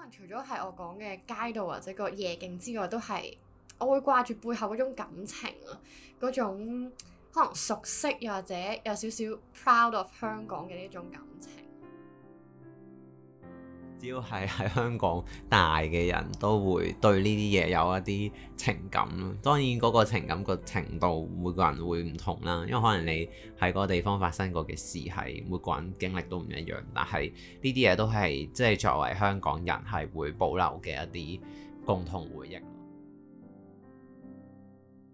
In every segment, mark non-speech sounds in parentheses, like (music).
可能除咗係我講嘅街道或者個夜景之外，都係我會掛住背後嗰種感情啊，嗰種可能熟悉又或者有少少 proud of 香港嘅呢種感情。只要係喺香港大嘅人都會對呢啲嘢有一啲情感咯。當然嗰個情感個程度每個人會唔同啦，因為可能你喺個地方發生過嘅事係每個人經歷都唔一樣。但係呢啲嘢都係即係作為香港人係會保留嘅一啲共同回憶。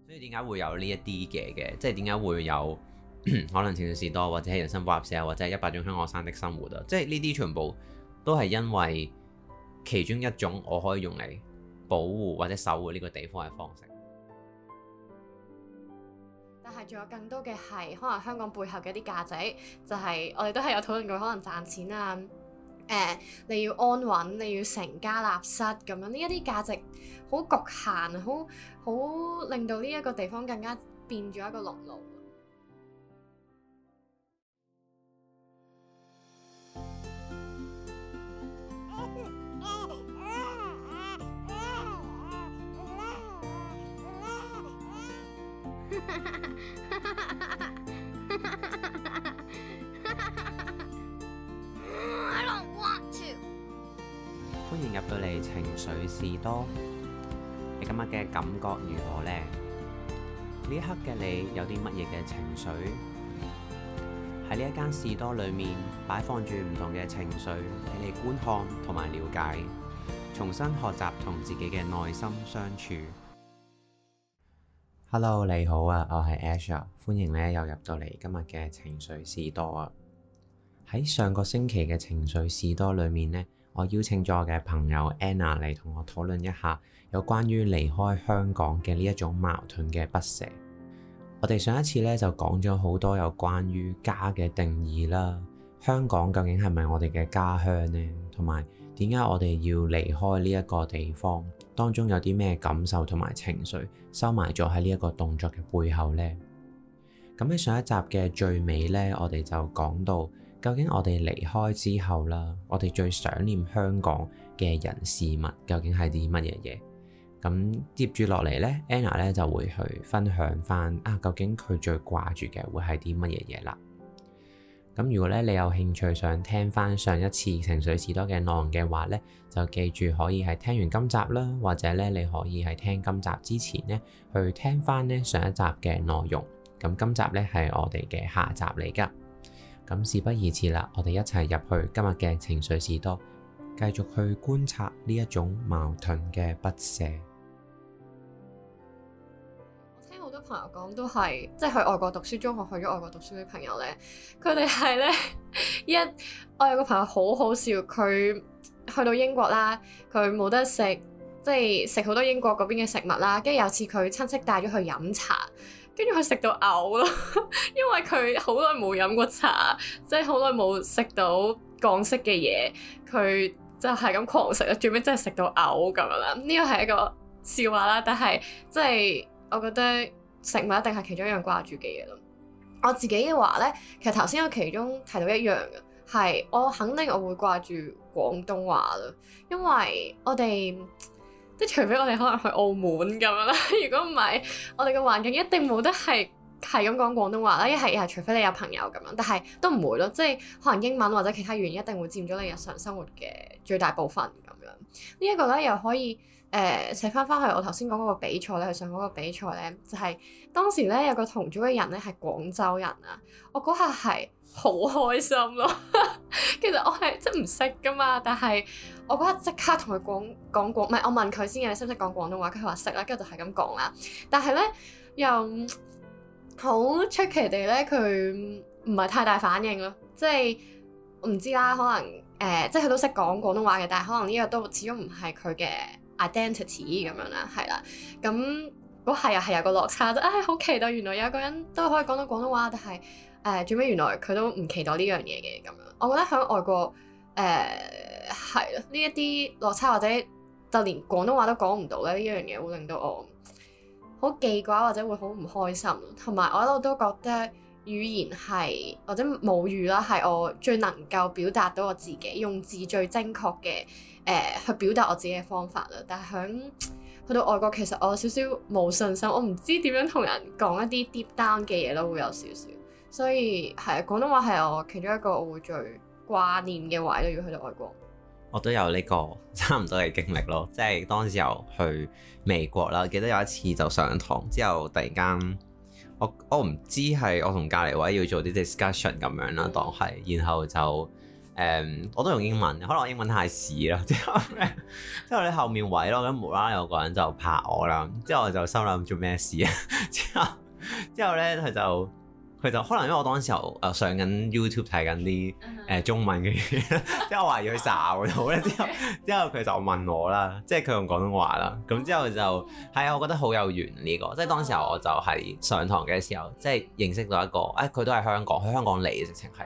所以點解會有呢一啲嘢嘅？即係點解會有 (coughs) 可能情緒士多，或者係人生補習社啊，或者係一百種香港學生的生活啊？即係呢啲全部。都係因為其中一種我可以用嚟保護或者守護呢個地方嘅方式。但係仲有更多嘅係，可能香港背後嘅一啲價值，就係、是、我哋都係有討論過，可能賺錢啊，誒、呃，你要安穩，你要成家立室咁樣，呢一啲價值好局限，好好令到呢一個地方更加變咗一個籠奴。 (laughs) I don't want to 歡迎入到嚟情緒士多。你今日嘅感覺如何呢？呢一刻嘅你有啲乜嘢嘅情緒？喺呢一間士多裏面擺放住唔同嘅情緒，俾你觀看同埋了解，重新學習同自己嘅內心相處。Hello，你好啊，我係 Ash，歡迎咧又入到嚟今日嘅情緒士多啊。喺上個星期嘅情緒士多裏面咧，我邀請咗我嘅朋友 Anna 嚟同我討論一下有關於離開香港嘅呢一種矛盾嘅不捨。我哋上一次咧就講咗好多有關於家嘅定義啦。香港究竟係咪我哋嘅家鄉咧？同埋。點解我哋要離開呢一個地方？當中有啲咩感受同埋情緒收埋咗喺呢一個動作嘅背後呢？咁喺上一集嘅最尾呢，我哋就講到究竟我哋離開之後啦，我哋最想念香港嘅人事物究竟係啲乜嘢嘢？咁接住落嚟呢，Anna 咧就會去分享翻啊，究竟佢最掛住嘅會係啲乜嘢嘢啦？咁如果咧，你有興趣想聽翻上一次情緒士多嘅內容嘅話咧，就記住可以係聽完今集啦，或者咧你可以係聽今集之前咧去聽翻咧上一集嘅內容。咁今集咧係我哋嘅下集嚟㗎。咁事不宜遲啦，我哋一齊入去今日嘅情緒士多，繼續去觀察呢一種矛盾嘅不捨。朋友講都係，即係去外國讀書，中學去咗外國讀書啲朋友咧，佢哋係咧一，我有個朋友好好笑，佢去到英國啦，佢冇得食，即係食好多英國嗰邊嘅食物啦。跟住有次佢親戚帶咗去飲茶，跟住佢食到嘔咯，因為佢好耐冇飲過茶，即係好耐冇食到港式嘅嘢，佢就係咁狂食啦，最尾真係食到嘔咁樣啦。呢個係一個笑話啦，但係即係我覺得。食物一定係其中一樣掛住嘅嘢咯。我自己嘅話呢，其實頭先我其中提到一樣嘅係，我肯定我會掛住廣東話咯，因為我哋即係除非我哋可能去澳門咁樣啦，如果唔係，我哋嘅環境一定冇得係係咁講廣東話啦，一係又除非你有朋友咁樣，但係都唔會咯，即係可能英文或者其他語言一定會佔咗你日常生活嘅最大部分咁樣。這個、呢一個咧又可以。誒寫翻翻去我頭先講嗰個比賽咧，去上嗰個比賽咧，就係當時咧有個同組嘅人咧係廣州人啊。我嗰下係好開心咯。其實我係即唔識噶嘛，但係我嗰下即刻同佢講講廣，唔係我問佢先嘅，你識唔識講廣東話？佢話識啦，跟住就係咁講啦。但係咧又好出奇地咧，佢唔係太大反應咯。即係唔知啦，可能誒即係佢都識講廣東話嘅，但係可能呢個都始終唔係佢嘅。identity 咁樣啦，係啦，咁嗰下又係有個落差，就唉，好期待，原來有一個人都可以講到廣東話，但係誒、呃、最尾原來佢都唔期待呢樣嘢嘅咁樣。我覺得喺外國誒係咯，呢一啲落差或者就連廣東話都講唔到咧，呢一樣嘢會令到我好記掛或者會好唔開心。同埋我一路都覺得語言係或者母語啦，係我最能夠表達到我自己用字最精確嘅。誒、呃、去表達我自己嘅方法啦，但係響去到外國，其實我有少少冇信心，我唔知點樣同人講一啲 deep down 嘅嘢咯，會有少少，所以係呀，廣東話係我其中一個我會最掛念嘅話，都要去到外國，我都有呢個差唔多嘅經歷咯，即係當時又去美國啦，記得有一次就上堂之後，突然間我我唔知係我同隔離位要做啲 discussion 咁樣啦，當係，然後就。誒、嗯，我都用英文，可能我英文太屎啦，之後咧， (laughs) 之後咧後面位咯，咁無啦啦有個人就拍我啦，之後我就心諗做咩事啊？ (laughs) 之後，之後咧佢就佢就可能因為我當時候誒、呃、上緊 YouTube 睇緊啲誒、呃、中文嘅嘢， (laughs) 即係我話要去掃到咧，之後之後佢就問我啦，即係佢用廣東話啦，咁之後就係啊、 (laughs) 哎，我覺得好有緣呢、呢個，即係當時候我就係上堂嘅時候，即係認識到一個，誒、哎、佢都係香港，佢香港嚟直情係。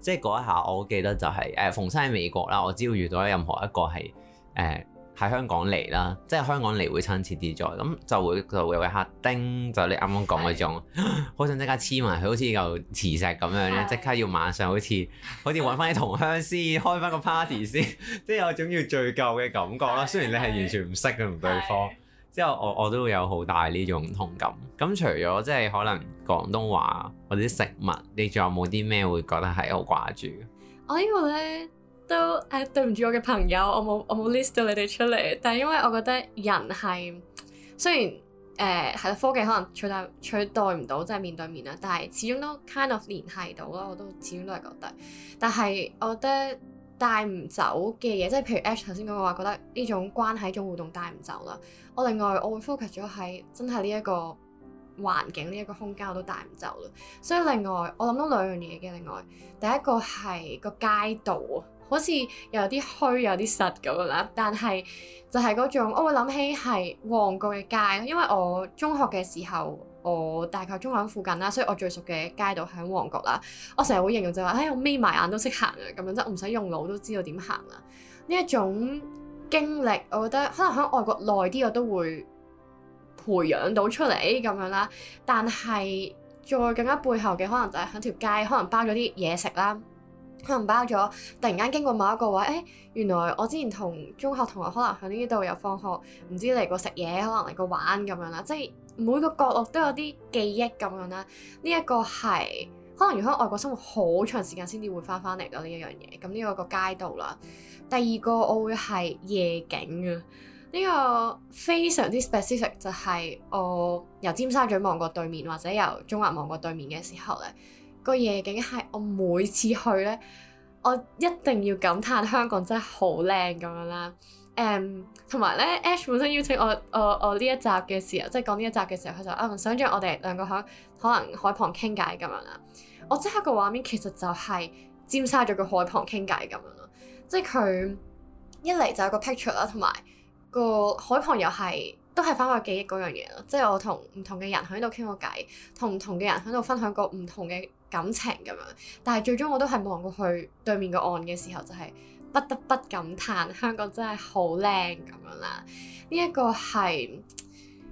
即係嗰一下，我記得就係、是、誒，馮生喺美國啦，我只要遇到任何一個係誒喺香港嚟啦，即係香港嚟會親切啲咗，咁就會就會會嚇丁，就你啱啱講嗰種，是的 (laughs) 想好想即刻黐埋，佢好似嚿磁石咁樣咧，即是的 刻要馬上好似好似揾翻啲同鄉先是的 開翻個 party 先，是的 (laughs) 即係有種要聚舊嘅感覺啦。是的 雖然你係完全唔識嘅同對方。之後我我都會有好大呢種同感。咁、嗯、除咗即係可能廣東話或者食物，你仲有冇啲咩會覺得係好掛住嘅？我呢個咧都誒、呃、對唔住我嘅朋友，我冇我冇 list 到你哋出嚟。但係因為我覺得人係雖然誒係啦，科技可能取代取代唔到即係面對面啦，但係始終都 kind of 聯繫到咯。我都始終都係覺得。但係我覺得。帶唔走嘅嘢，即係譬如 Ash 頭先講嘅話，我覺得呢種關係，一種互動帶唔走啦。我另外我會 focus 咗喺真係呢一個環境、呢、呢、一個空間我都帶唔走啦。所以另外我諗到兩樣嘢嘅，另外第一個係個街道啊，好似又有啲虛有啲實咁啦。但係就係嗰種我會諗起係旺角嘅街，因為我中學嘅時候。我大概中環附近啦，所以我最熟嘅街道響旺角啦。我成日會形容就話、是，誒，我眯埋眼都識行啊，咁樣即係唔使用腦都知道點行啦。呢一種經歷，我覺得可能喺外國耐啲，我都會培養到出嚟咁樣啦。但係再更加背後嘅，可能就係喺條街，可能包咗啲嘢食啦，可能包咗，突然間經過某一個位，誒、欸，原來我之前同中學同學可能喺呢度又放學，唔知嚟過食嘢，可能嚟過玩咁樣啦，即係。每個角落都有啲記憶咁樣啦，呢、這、一個係可能如果喺外國生活好長時間先至會翻返嚟咯呢一樣嘢，咁呢、這個個街道啦。第二個我會係夜景啊，呢、這個非常之 specific 就係、是、我由尖沙咀望過對面或者由中環望過對面嘅時候咧，個夜景係我每次去呢，我一定要感嘆香港真係好靚咁樣啦，誒、um,。同埋咧，Ash 本身邀請我，我我呢一集嘅時候，即係講呢一集嘅時候，佢就啊、嗯，想像我哋兩個喺可能海旁傾偈咁樣啦。我即刻個畫面其實就係尖沙咀個海旁傾偈咁樣咯。即係佢一嚟就有個 picture 啦，同埋個海旁又係都係返個記憶嗰樣嘢咯。即係我同唔同嘅人喺度傾過偈，同唔同嘅人喺度分享過唔同嘅感情咁樣。但係最終我都係望過去對面個岸嘅時候，就係、是。不得不感嘆香港真係好靚咁樣啦！呢一個係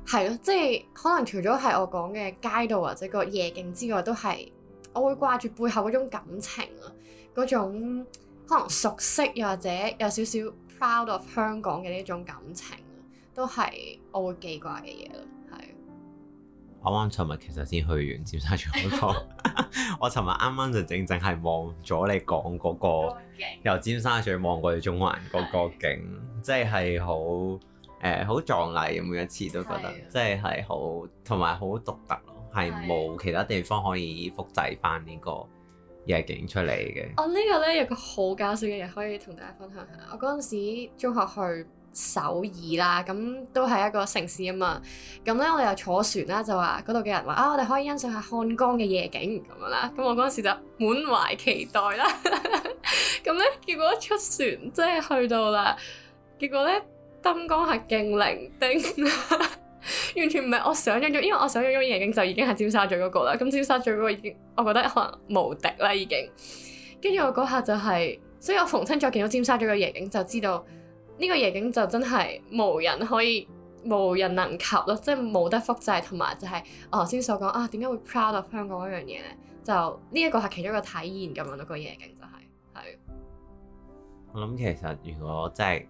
係咯，即係可能除咗係我講嘅街道或者個夜景之外，都係我會掛住背後嗰種感情啊，嗰種可能熟悉又或者有少少 proud of 香港嘅呢種感情，都係我會記掛嘅嘢啦。啱啱尋日其實先去完尖沙咀嗰個、， (laughs) (laughs) 那個，我尋日啱啱就整整係望咗你講嗰個由尖沙咀望過去中環嗰個的景，即係好誒好壯麗，每一次都覺得的即係好同埋好獨特咯，係冇的其他地方可以複製翻呢個夜景出嚟嘅。我、哦這個、呢個咧有個好搞笑嘅嘢可以同大家分享下，我嗰陣時中學去。首爾啦，咁都係一個城市啊嘛。咁咧，我哋又坐船啦，就話嗰度嘅人話啊，我哋可以欣賞下漢江嘅夜景咁樣啦。咁我嗰陣時就滿懷期待啦。咁 (laughs) 咧，結果一出船，即係去到啦。結果咧，燈光係勁零丁， (laughs) 完全唔係我想象中。因為我想象中夜景就已經係尖沙咀嗰個啦。咁尖沙咀嗰個已經，我覺得可能無敵啦已經。跟住我嗰下就係、是，所以我逢親再見到尖沙咀嘅夜景，就知道。呢個夜景就真係無人可以無人能及咯，即係冇得複製，同埋就係我頭先所講啊，點解會 proud of 香港嗰樣嘢咧？就呢一、呢個係其中一個體現咁樣咯。個夜景就係、係、係。我諗其實如果真係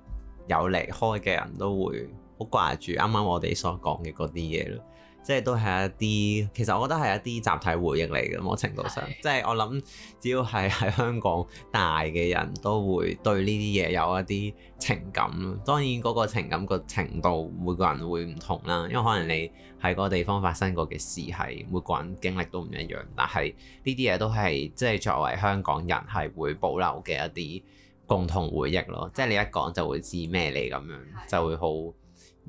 有離開嘅人都會好掛住啱啱我哋所講嘅嗰啲嘢咯。即係都係一啲，其實我覺得係一啲集體回憶嚟嘅，某程度上。是的 即係我諗，只要係喺香港大嘅人都會對呢啲嘢有一啲情感咯。當然嗰個情感個程度每個人會唔同啦，因為可能你喺個地方發生過嘅事係每個人經歷都唔一樣。但係呢啲嘢都係即係作為香港人係會保留嘅一啲共同回憶咯。即係你一講就會知咩你咁樣，是的 就會好。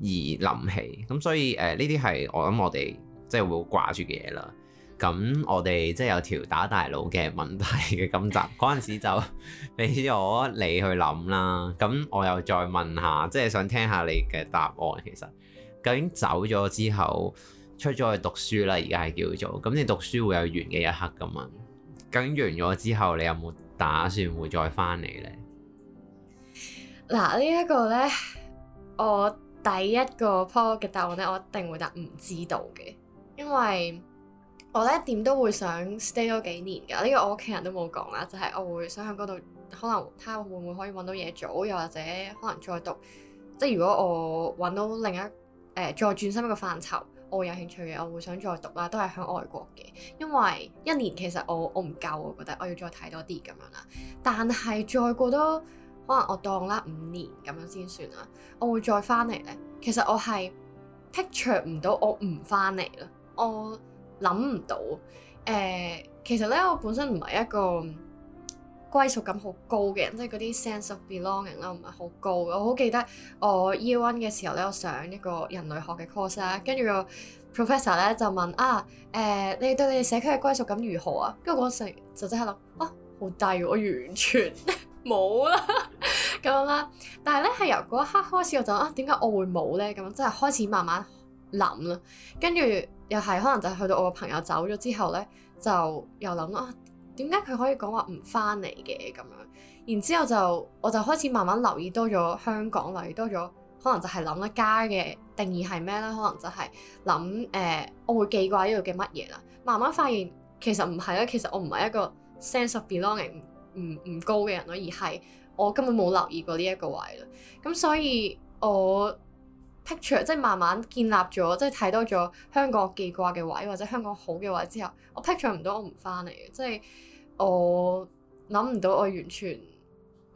而諗起咁，所以誒呢啲係我諗我哋即係會掛住嘅嘢啦。咁我哋即係有條打大佬嘅問題嘅今集嗰陣 (laughs) 時就俾咗你去諗啦。咁我又再問下，即係想聽下你嘅答案。其實究竟走咗之後出咗去讀書啦，而家係叫做咁你讀書會有完嘅一刻㗎嘛？究竟完咗之後你有冇打算會再翻嚟呢？嗱呢一個呢。我。第一個 part 嘅答案咧，我一定會答唔知道嘅，因為我咧點都會想 stay 多幾年㗎。呢、這個我屋企人都冇講啦，就係、是、我會想喺嗰度，可能睇下會唔會可以揾到嘢做，又或者可能再讀，即係如果我揾到另一誒、呃、再轉新一個範疇，我會有興趣嘅，我會想再讀啦，都係喺外國嘅，因為一年其實我我唔夠，我覺得我要再睇多啲咁樣啦。但係再過多，可能我當啦五年咁樣先算啦，我會再翻嚟咧。其實我係 picture 唔到我唔翻嚟啦，我諗唔到。誒，其實咧我本身唔係一個歸屬感好高嘅人，即係嗰啲 sense of belonging 啦唔係好高。我好記得我 year one 嘅時候咧，我上一個人類學嘅 course 啦，跟住個 professor 咧就問啊誒，你對你哋社區嘅歸屬感如何啊？跟住嗰時就真係諗啊，好低，我完全。 (laughs) 冇啦，咁樣啦沒， (laughs) 但係咧，係由嗰一刻開始，我就啊，點解我會冇咧？咁樣，即係開始慢慢諗啦，跟住又係可能就去到我個朋友走咗之後咧，就又諗啊，點解佢可以講話唔翻嚟嘅？咁樣，然之後就我就開始慢慢留意多咗香港，留意多咗，可能就係諗一家嘅定義係咩咧？可能就係諗誒，我會記掛呢度嘅乜嘢啦。慢慢發現其實唔係啊，其實我唔係一個 sense of belonging。唔唔高嘅人咯，而係我根本冇留意過呢一個位啦。咁所以我 picture 即係慢慢建立咗，即係睇多咗香港記掛嘅位或者香港好嘅位之後，我 picture 唔到我唔翻嚟嘅，即係我諗唔到我完全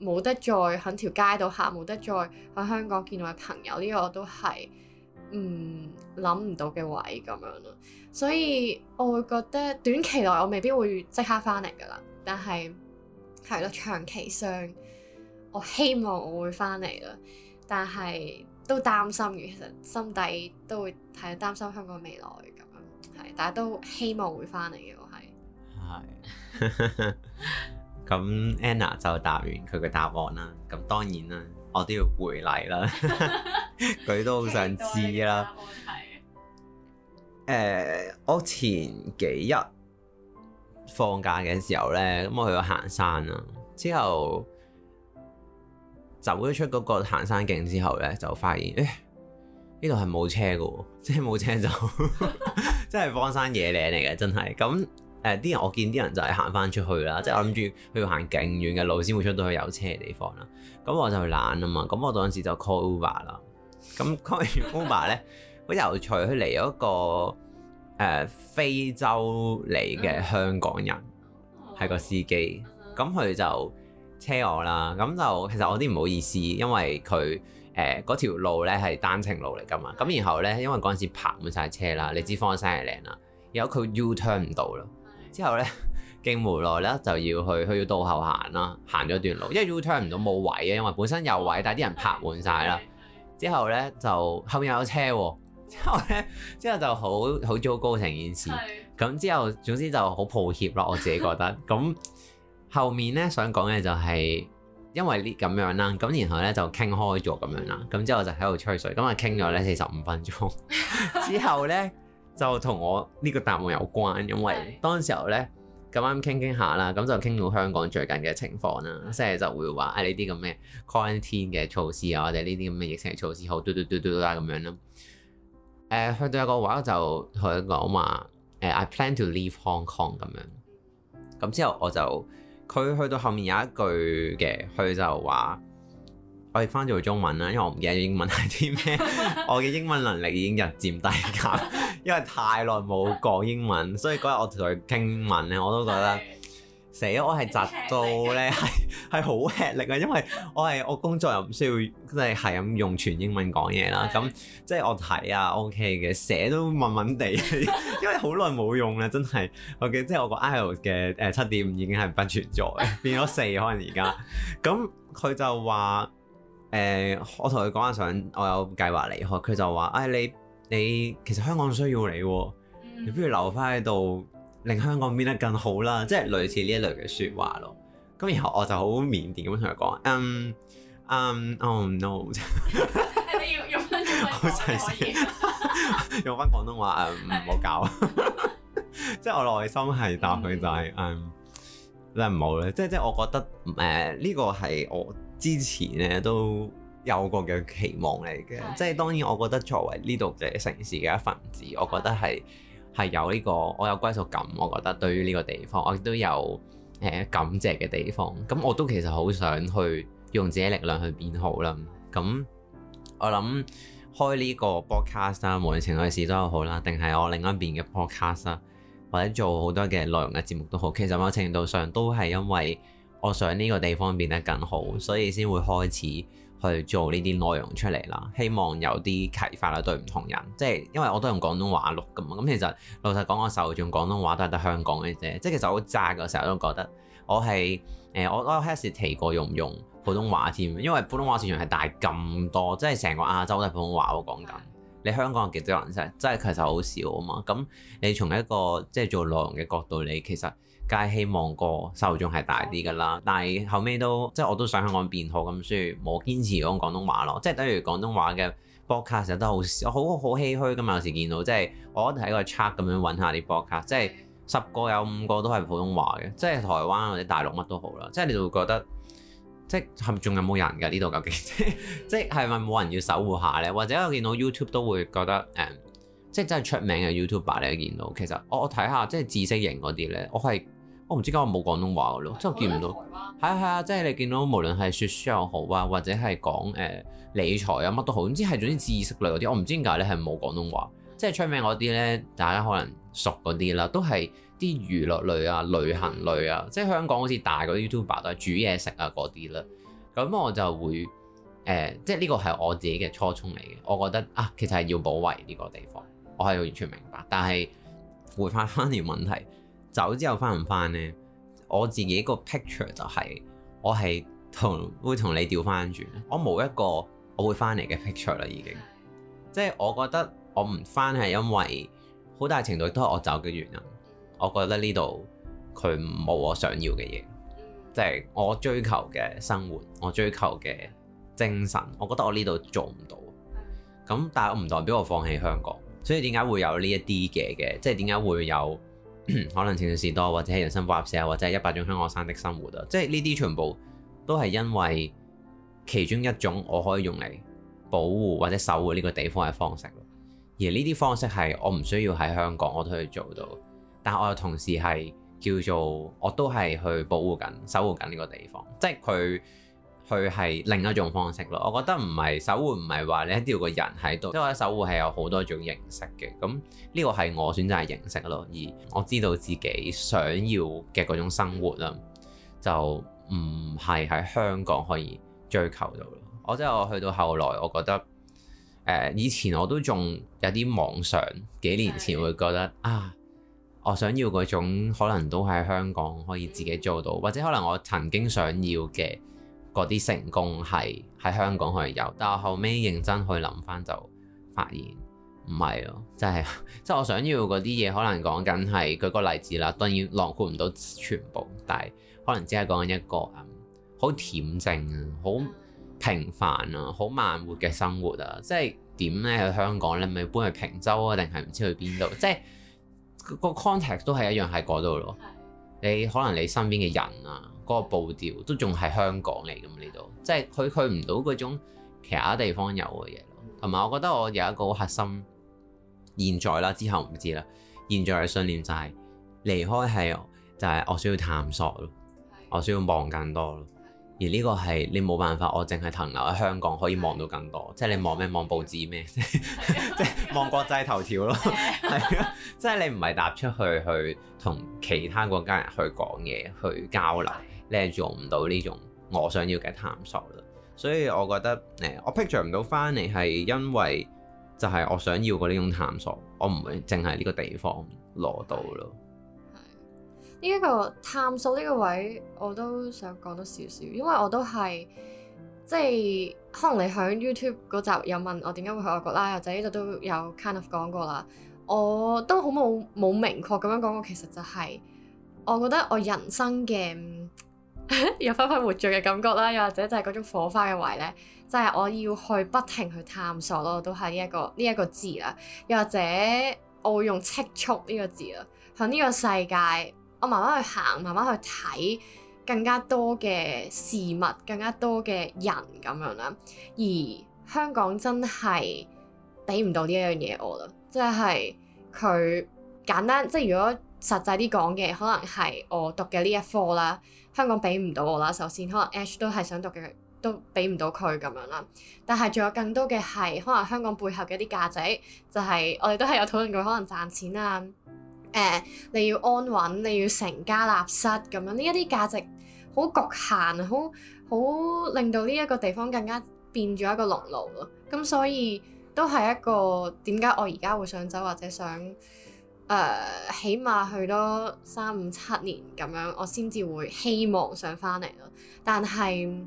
冇得再喺條街度行，冇得再喺香港見到嘅朋友呢、呢個都係唔諗唔到嘅位咁樣咯。所以我會覺得短期內我未必會即刻翻嚟噶啦，但係。係咯，長期上我希望我會翻嚟啦，但係都擔心，其實心底都會係擔心香港未來咁樣，係，但係都希望會翻嚟嘅我係。係是的。咁 (laughs) Anna 就答完佢嘅答案啦，咁當然啦，我都要回嚟啦，佢都好想知啦。答案係、呃。我前幾日。放假嘅時候呢，咁我去咗行山啦。之後走咗出嗰個行山徑之後呢，就發現誒呢度係冇車㗎，即係冇車就 (laughs) 真係荒山野嶺嚟嘅，真係。咁誒啲人，我見啲人就係行翻出去啦，即係我諗住去行勁遠嘅路先會出到去有車嘅地方啦。咁我就懶啊嘛，咁我嗰陣時就 call Uber 啦。咁 call (laughs) Uber 呢，好有趣，佢嚟咗一個。誒、呃、非洲嚟嘅香港人係、嗯、個司機，咁、嗯、佢就車我啦，咁、嗯、就其實我啲唔好意思，因為佢誒嗰條路咧係單程路嚟噶嘛，咁然後咧因為嗰陣時泊滿晒車啦，你知佛山係靚啦，有佢 U turn 唔到啦，之後咧經回奈咧就要去，去到倒後行啦，行咗段路，因為 U turn 唔到冇位啊，因為本身有位，但係啲人泊滿晒啦，之後咧就後面有車喎、啊。之後咧，之後就好好糟糕成件事咁。之後總之就好抱歉咯，我自己覺得咁。後面咧想講嘅就係因為呢咁樣啦，咁然後咧就傾開咗咁樣啦。咁之後就喺度吹水，咁啊傾咗咧四十五分鐘之後咧，就同我呢個答案有關，因為當時候咧咁啱傾傾下啦，咁就傾到香港最近嘅情況啦，即係就會話啊呢啲咁嘅 quarantine 嘅措施啊，或者呢啲咁嘅疫情嘅措施好嘟嘟嘟嘟啦咁樣啦。誒去到有一個話，我就同佢講啊嘛，誒 I plan to leave Hong Kong 咁樣，咁之後我就佢去到後面有一句嘅，佢就話，我哋翻咗去中文啦，因為我唔記得英文係啲咩， (laughs) 我嘅英文能力已經日漸遞減，因為太耐冇講英文，所以嗰日我同佢傾英文咧，我都覺得。寫我係窒到咧，係、係好吃力啊！因為我係我工作又唔需要即係係咁用全英文講嘢啦，咁 (laughs) 即係我睇啊 OK 嘅，寫都悶悶地，因為好耐冇用咧，真係我嘅即係我個 IEL 嘅誒七點五已經係不存在，變咗四 (laughs) 可能而家。咁佢就話誒、呃，我同佢講下想我有計劃離開，佢就話誒、哎、你、你其實香港需要你，啊，你不如留翻喺度。令香港變得更好啦，即係類似呢一類嘅説話咯。咁然後我就好腼腆咁同佢講：嗯嗯、 (music) um, um,，oh no！你 (laughs) 要 (music) (music) 用翻好細聲用翻廣東話誒，唔好搞。 (music) 別教 (laughs) 即係我內心係答佢，就係、是、嗯，你係唔好咧。即係即係我覺得誒，呢、呃呢個係我之前咧都有過嘅期望嚟嘅。對即係當然，我覺得作為呢度嘅城市嘅一份子，我覺得係。係有呢、這個，我有歸屬感，我覺得對於呢個地方，我亦都有誒、欸、感謝嘅地方。咁我都其實好想去用自己力量去變好啦。咁我諗開呢個 podcast 啦、啊，無論情緒士多都好啦，定係我另一邊嘅 podcast 啦、啊，或者做好多嘅內容嘅節目都好。其實某程度上都係因為我想呢個地方變得更好，所以先會開始。去做呢啲內容出嚟啦，希望有啲啟發啦，對唔同人。即係因為我都用廣東話錄㗎嘛，咁其實老實講，我受眾廣東話都係得香港嘅啫。即係其實好窄嘅時候，都覺得我係誒、呃，我我有開始提過用唔用普通話添，因為普通話市場係大咁多，即係成個亞洲都係普通話我講緊。你香港嘅幾多少人識，真係其實好少啊嘛。咁、嗯、你從一個即係做內容嘅角度，你其實皆希望個受眾係大啲㗎啦，但係後尾都即係我都想香港變好咁，所以冇堅持講廣東話咯。即係等於廣東話嘅 Podcast 成日都好好好唏噓㗎嘛。有時見到即係我喺個 check 咁樣揾下啲 Podcast，即係十個有五個都係普通話嘅，即係台灣或者大陸乜都好啦。即係你就會覺得即係係咪仲有冇人㗎？呢度究竟即係係咪冇人要守護下呢？或者我見到 YouTube 都會覺得誒、嗯，即係真係出名嘅 YouTuber 你見到其實我我睇下即係知識型嗰啲呢。我係。我唔知點解冇廣東話嘅咯， (music) 真係見唔到。係啊係啊，即係你見到無論係說書又好啊，或者係講誒、呃、理財啊乜都好，總之係總之知識類嗰啲，我唔知點解咧係冇廣東話。即係出名嗰啲咧，大家可能熟嗰啲啦，都係啲娛樂類啊、旅行類啊。即係香港好似大嗰啲 YouTuber 都係煮嘢食啊嗰啲啦。咁我就會誒，即係呢個係我自己嘅初衷嚟嘅。我覺得啊，其實係要保衞呢個地方，我係完全明白。但係回翻返條問題。走之後翻唔翻呢？我自己個 picture 就係、是、我係同會同你調翻轉，我冇一個我會翻嚟嘅 picture 啦已經。即係我覺得我唔翻係因為好大程度都係我走嘅原因。我覺得呢度佢冇我想要嘅嘢，即係我追求嘅生活，我追求嘅精神，我覺得我呢度做唔到。咁但係我唔代表我放棄香港，所以點解會有呢一啲嘅嘅，即係點解會有？ (coughs) 可能情緒士多，或者人生補習社，或者一百種香港學生的生活啊，即係呢啲全部都係因為其中一種，我可以用嚟保護或者守護呢個地方嘅方式。而呢啲方式係我唔需要喺香港我都去做到，但係我又同時係叫做我都係去保護緊、守護緊呢個地方，即係佢。佢係另一種方式咯，我覺得唔係守護，唔係話你一定要個人喺度，即係我守護係有好多種形式嘅。咁呢個係我選擇嘅形式咯，而我知道自己想要嘅嗰種生活啊，就唔係喺香港可以追求到咯。我即係我去到後來，我覺得，呃，以前我都仲有啲妄想，幾年前會覺得啊，我想要嗰種可能都喺香港可以自己做到，或者可能我曾經想要嘅。嗰啲成功係喺香港可以有，但我後尾認真去諗返就發現唔係咯，即係即係我想要嗰啲嘢，可能講緊係舉個例子啦，當然囊括唔到全部，但係可能只係講緊一個咁好恬靜啊、好、嗯、平凡啊、好慢活嘅生活啊，即係點咧？喺香港你咪搬去坪洲啊，定係唔知去邊度？即係、這個 context 都係一樣喺嗰度咯，你可能你身邊嘅人啊。嗰個步調都仲係香港嚟㗎嘛？呢度即係佢去唔到嗰種其他地方有嘅嘢咯。同埋我覺得我有一個好核心現在啦，之後唔知啦。現在嘅信念就係離開係就係、是、我需要探索咯，我需要望更多咯。而呢個係你冇辦法，我淨係停留喺香港可以望到更多，即係你望咩望報紙咩？ (laughs) (laughs) 即係望國際頭條咯，係啊，即係你唔係踏出去去同其他國家人去講嘢、去交流。咧做唔到呢種我想要嘅探索咯，所以我覺得誒、呃，我 picture 唔到翻嚟係因為就係我想要嘅呢種探索，我唔會淨係呢個地方攞到咯。呢一、這個探索呢個位，我都想講多少少，因為我都係即係可能你響 YouTube 嗰集有問我點解會去外國啦，或者呢度都有 kind of 講過啦，我都好冇冇明確咁樣講過，其實就係、是、我覺得我人生嘅。 (laughs) 有翻翻活着嘅感覺啦，又或者就係嗰種火花嘅位呢，就係、是、我要去不停去探索咯，都係呢一個呢一、這個字啦。又或者我用積蓄呢、這個字啦，向呢個世界，我慢慢去行，慢慢去睇更加多嘅事物，更加多嘅人咁樣啦。而香港真係俾唔到呢一樣嘢我啦、就是，即係佢簡單即係如果實際啲講嘅，可能係我讀嘅呢一科啦。香港俾唔到我啦，首先可能 Ash 都係想讀嘅，都俾唔到佢咁樣啦。但係仲有更多嘅係，可能香港背後嘅一啲價值，就係、是、我哋都係有討論過，可能賺錢啊，誒、呃，你要安穩，你要成家立室咁樣，呢一啲價值好局限，好好令到呢一個地方更加變咗一個牢籠籠奴咯。咁所以都係一個點解我而家會想走或者想？誒，uh，起碼去多三五七年咁樣，我先至會希望想翻嚟咯。但係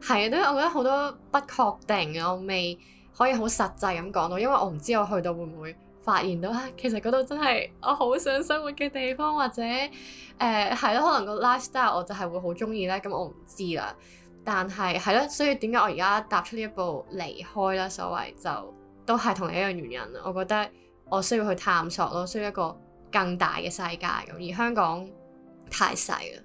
係啊，都係我覺得好多不確定啊，我未可以好實際咁講到，因為我唔知我去到會唔會發現到啊，其實嗰度真係我好想生活嘅地方，或者誒係咯，可能個 lifestyle 我就係會好中意呢。咁我唔知啦。但係係咯，所以點解我而家踏出呢一步離開啦？所謂就都係同一樣原因我覺得。我需要去探索咯，需要一個更大嘅世界咁，而香港太細啦。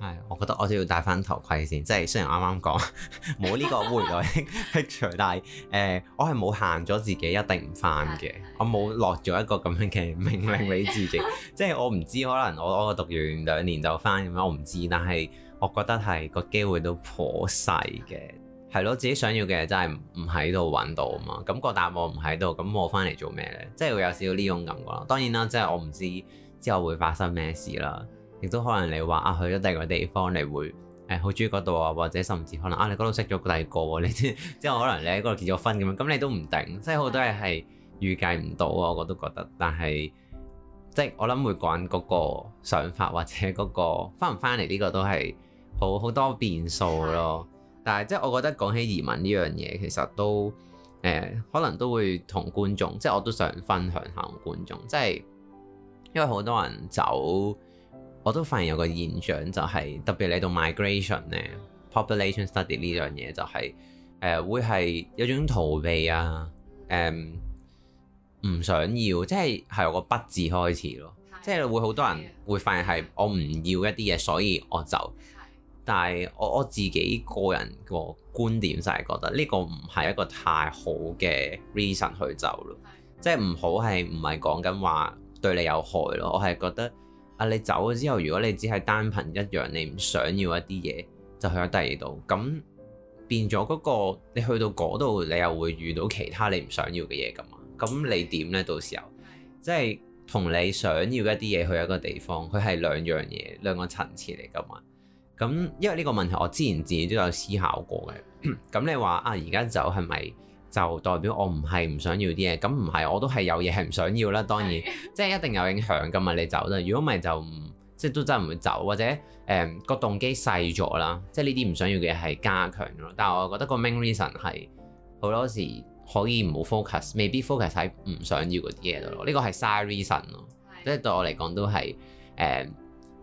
係，我覺得我都要戴翻頭盔先。即係雖然啱啱講冇呢個回來的跡，但係誒，我係冇限咗自己一定唔翻嘅。我冇落咗一個咁樣嘅命令畀自己。即係我唔知，可能我我讀完兩年就翻咁樣，我唔知。但係我覺得係個機會都頗細嘅。 (laughs) 係咯，自己想要嘅嘢真係唔喺度揾到啊嘛，咁個答案唔喺度，咁我翻嚟做咩咧？即係會有少少呢種感覺啦。當然啦，即係我唔知之後會發生咩事啦，亦都可能你話啊去咗第二個地方，你會誒好中意嗰度啊，或者甚至可能啊你嗰度識咗第二個，你 (laughs) 即係可能你喺嗰度結咗婚咁樣，咁你都唔定。即係好多嘢係預計唔到啊，我都覺得。但係即係我諗會講緊嗰個想法或者嗰個翻唔翻嚟呢個都係好好多變數咯。但係，即係我覺得講起移民呢樣嘢，其實都誒、呃，可能都會同觀眾，即係我都想分享下同觀眾，即係因為好多人走，我都發現有個現象、就是，就係特別嚟到 migration 咧，population study 呢樣嘢就係、是、誒、呃、會係有種逃避啊，誒、呃、唔想要，即係係我個不字開始咯，即係會好多人會發現係我唔要一啲嘢，所以我就。但係我我自己個人個觀點就係覺得呢個唔係一個太好嘅 reason 去走咯，即係唔好係唔係講緊話對你有害咯？我係覺得啊，你走咗之後，如果你只係單憑一樣你唔想要一啲嘢就去咗第二度，咁變咗嗰個你去到嗰度，你又會遇到其他你唔想要嘅嘢㗎嘛。咁你點呢？到時候即係同你想要一啲嘢去一個地方，佢係兩樣嘢兩個層次嚟噶嘛？咁，因為呢個問題，我之前自己都有思考過嘅。咁、 (coughs) 嗯、你話啊，而家走係咪就代表我唔係唔想要啲嘢？咁唔係，我都係有嘢係唔想要啦。當然， (laughs) 即係一定有影響噶嘛。你走咗，如果唔係就即係都真係唔會走，或者誒個、呃、動機細咗啦。即係呢啲唔想要嘅嘢係加強咗。但係我覺得個 main reason 係，好多時可以唔好 focus，未必 focus 喺唔想要嗰啲嘢度咯。呢個係 side reason 咯，即係對我嚟講都係誒。呃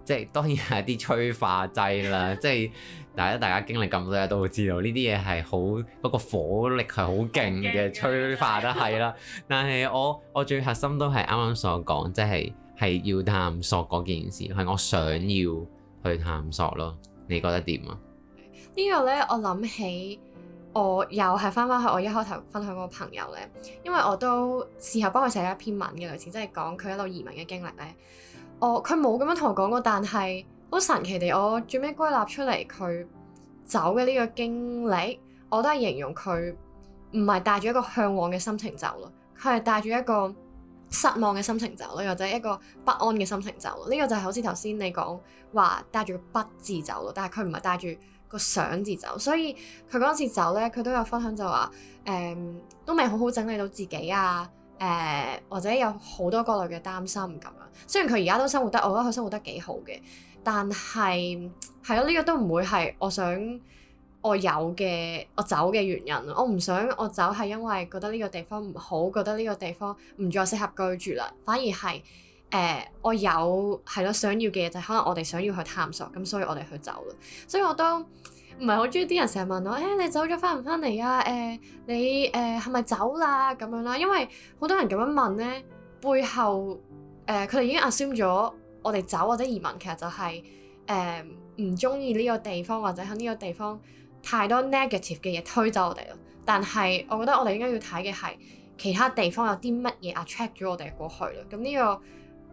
即係當然係啲催化劑啦， (laughs) 即係大家大家經歷咁多嘢都會知道，呢啲嘢係好不過火力係好勁嘅催化都係啦。 (laughs) 但係我我最核心都係啱啱所講，即係係要探索嗰件事，係我想要去探索咯。你覺得點啊？呢個呢，我諗起我又係翻翻去我一開頭分享嗰個朋友呢，因為我都事後幫佢寫咗一篇文嘅類似，即係講佢一路移民嘅經歷呢。哦，佢冇咁樣同我講過，但係好神奇地，我最尾歸納出嚟佢走嘅呢個經歷，我都係形容佢唔係帶住一個嚮往嘅心情走咯，佢係帶住一個失望嘅心情走咯，或者一個不安嘅心情走。呢個就係好似頭先你講話帶住個不字走咯，但係佢唔係帶住個想字走，所以佢嗰時走呢，佢都有分享就話，誒、嗯，都未好好整理到自己啊，誒、嗯，或者有好多各類嘅擔心咁樣。雖然佢而家都生活得，我覺得佢生活得幾好嘅，但係係咯，呢、這個都唔會係我想我有嘅我走嘅原因。我唔想我走係因為覺得呢個地方唔好，覺得呢個地方唔再適合居住啦。反而係誒、呃、我有係咯，想要嘅嘢就係可能我哋想要去探索，咁所以我哋去走啦。所以我都唔係好中意啲人成日問我誒、欸、你走咗翻唔翻嚟啊？誒、欸、你誒係咪走啦咁樣啦？因為好多人咁樣問呢，背後。誒，佢哋已經 assume 咗我哋走或者移民，其實就係誒唔中意呢個地方，或者喺呢個地方太多 negative 嘅嘢推走我哋咯。但係我覺得我哋應該要睇嘅係其他地方有啲乜嘢 attract 咗我哋過去咯。咁呢個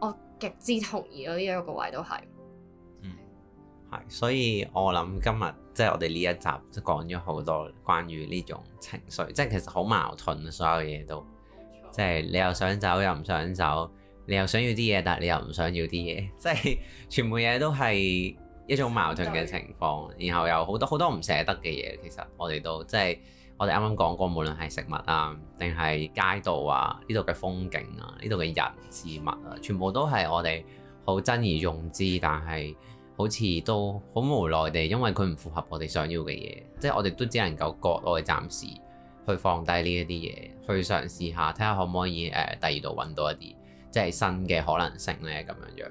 我極之同意咯，呢一個位都係。嗯，係，所以我諗今日即係我哋呢一集都講咗好多關於呢種情緒，即係其實好矛盾，所有嘢都，即係你又想走又唔想走。你又想要啲嘢，但係你又唔想要啲嘢，即 (laughs) 係全部嘢都係一種矛盾嘅情況。嗯、然後有好多好多唔捨得嘅嘢，其實我哋都即係我哋啱啱講過，無論係食物啊，定係街道啊，呢度嘅風景啊，呢度嘅人事物啊，全部都係我哋好珍而用之，但係好似都好無奈地，因為佢唔符合我哋想要嘅嘢。即係我哋都只能夠割愛，暫時去放低呢一啲嘢，去嘗試下睇下可唔可以誒第二度揾到一啲。即係新嘅可能性呢，咁樣樣，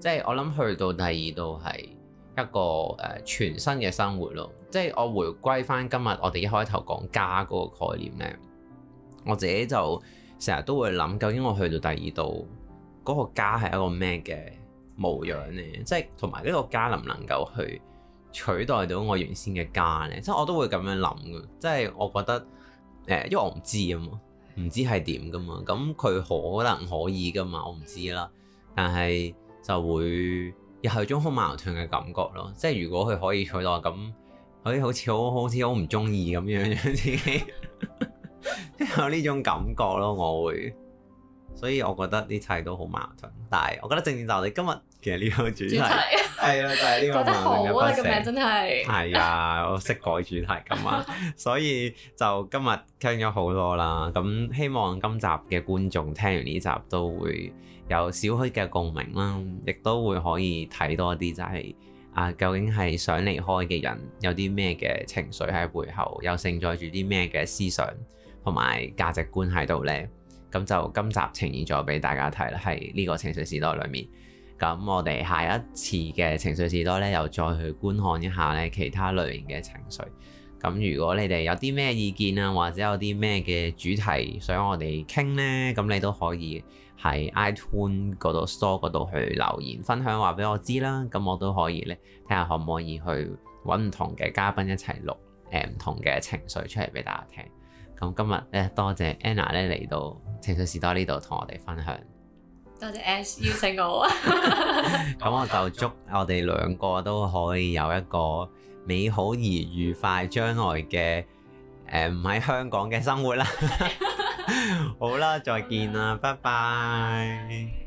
即係我諗去到第二度係一個誒、呃、全新嘅生活咯。即係我回歸返今日我哋一開頭講家嗰個概念呢，我自己就成日都會諗，究竟我去到第二度嗰、嗰個家係一個咩嘅模樣呢？即係同埋呢個家能唔能夠去取代到我原先嘅家呢？即係我都會咁樣諗嘅，即係我覺得、呃、因為我唔知啊嘛。唔知係點噶嘛？咁佢可能可以噶嘛？我唔知啦。但係就會有種好矛盾嘅感覺咯。即係如果佢可以取代，咁佢好似好好似好唔中意咁樣，自己 (laughs) 有呢種感覺咯。我會，所以我覺得一切都好矛盾。但係我覺得正正就係今日其實呢個主題,主題。係啦，就係呢個嘛，矛盾嘅不捨。係、個名真係、 (laughs) 啊，我識改主題咁啊， (laughs) 所以就今日聽咗好多啦。咁希望今集嘅觀眾聽完呢集都會有少許嘅共鳴啦，亦都會可以睇多啲、就是，就係啊，究竟係想離開嘅人有啲咩嘅情緒喺背後，又盛載住啲咩嘅思想同埋價值觀喺度呢？咁就今集呈現咗俾大家睇啦，喺呢個情緒時代裏面。咁我哋下一次嘅情緒士多咧，又再去觀看一下咧，其他類型嘅情緒。咁如果你哋有啲咩意見啊，或者有啲咩嘅主題想我哋傾呢，咁你都可以喺 iTune 嗰度 store 嗰度去留言分享，話俾我知啦。咁我都可以咧，睇下可唔可以去揾唔同嘅嘉賓一齊錄誒唔、呃、同嘅情緒出嚟俾大家聽。咁今日咧，多謝 Anna 咧嚟到情緒士多呢度同我哋分享。多謝 Ash 邀請我啊！咁 (laughs) (laughs) 我就祝我哋兩個都可以有一個美好而愉快將來嘅誒，唔、呃、喺香港嘅生活啦！ (laughs) (laughs) (laughs) 好啦，再見啦，拜拜 Okay.！